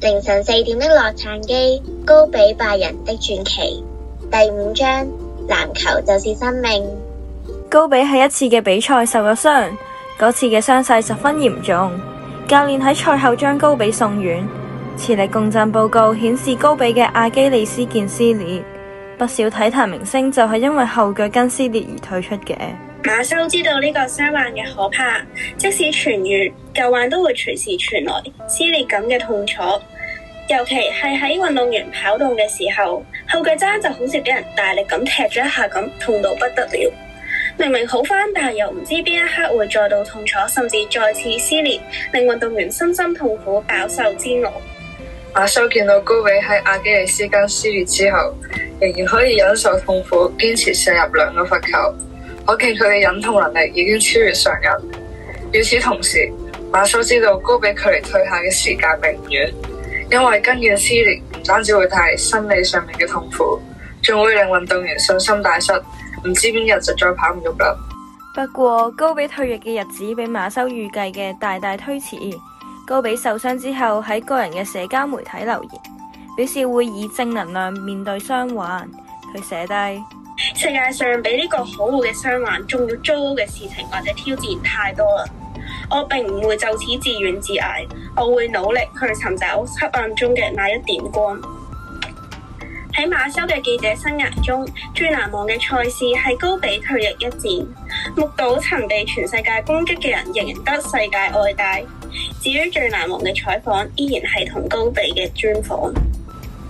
凌晨四點的洛杉磯，高比拜仁的傳奇第五章，籃球就是生命。高比喺一次嘅比賽受咗傷，嗰次嘅傷勢十分嚴重。教練喺賽後將高比送院，磁力共振報告顯示高比嘅阿基里斯腱撕裂。不少體壇明星就係因為後腳跟撕裂而退出嘅。馬修知道呢個傷患嘅可怕，即使痊愈，舊患都會隨時傳來撕裂感嘅痛楚，尤其係喺運動員跑動嘅時候，後腳踭就好似俾人大力咁踢咗一下咁，痛到不得了。明明好翻，但係又唔知邊一刻會再度痛楚，甚至再次撕裂，令運動員身心痛苦，飽受煎熬。馬修見到高比喺阿基里斯腱撕裂之後，仍然可以忍受痛苦，堅持射入兩個罰球。我見佢嘅忍痛能力已經超越常人。與此同時，馬修知道高比距離退下嘅時間並唔遠，因為跟腱撕裂唔單止會帶嚟生理上面嘅痛苦，仲會令運動員信心大失，唔知邊日就再跑唔喐啦。不過，高比退役嘅日子比馬修預計嘅大大推遲。高比受傷之後喺個人嘅社交媒體留言，表示會以正能量面對傷患。佢寫低。世界上比呢個可惡嘅傷患仲要糟糕嘅事情或者挑戰太多啦，我並唔會就此自怨自艾，我會努力去尋找黑暗中嘅那一點光。喺馬修嘅記者生涯中，最難忘嘅賽事係高比退役一戰，目睹曾被全世界攻擊嘅人贏得世界愛戴。至於最難忘嘅採訪，依然係同高比嘅專訪。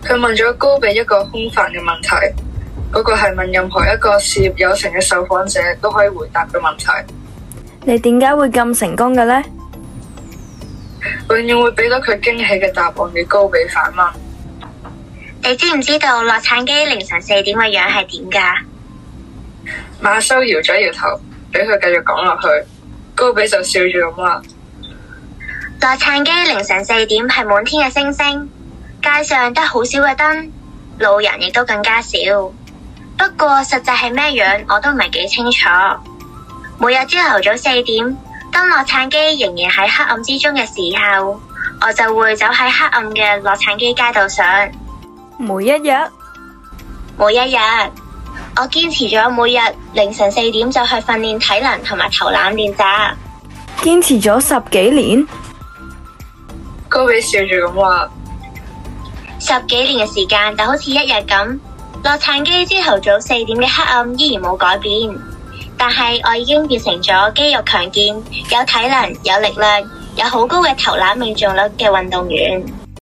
佢問咗高比一個空泛嘅問題。嗰個係問任何一個事業有成嘅受訪者都可以回答嘅問題。你點解會咁成功嘅呢？永遠會俾到佢驚喜嘅答案嘅高比反問。你知唔知道洛杉磯凌晨四點嘅樣係點噶？馬修搖咗搖頭，俾佢繼續講落去。高比就笑住咁話：洛杉磯凌晨四點係滿天嘅星星，街上得好少嘅燈，路人亦都更加少。不過實際係咩樣，我都唔係幾清楚。每日朝頭早四點，當洛杉磯仍然喺黑暗之中嘅時候，我就會走喺黑暗嘅洛杉磯街道上,上。每一日，每一日，我堅持咗每日凌晨四點就去訓練體能同埋投籃練習。堅持咗十幾年，高比笑住咁話，十幾年嘅時間就好似一日咁。洛杉磯朝頭早四點嘅黑暗依然冇改變，但係我已經變成咗肌肉強健、有體能、有力量、有好高嘅投籃命中率嘅運動員。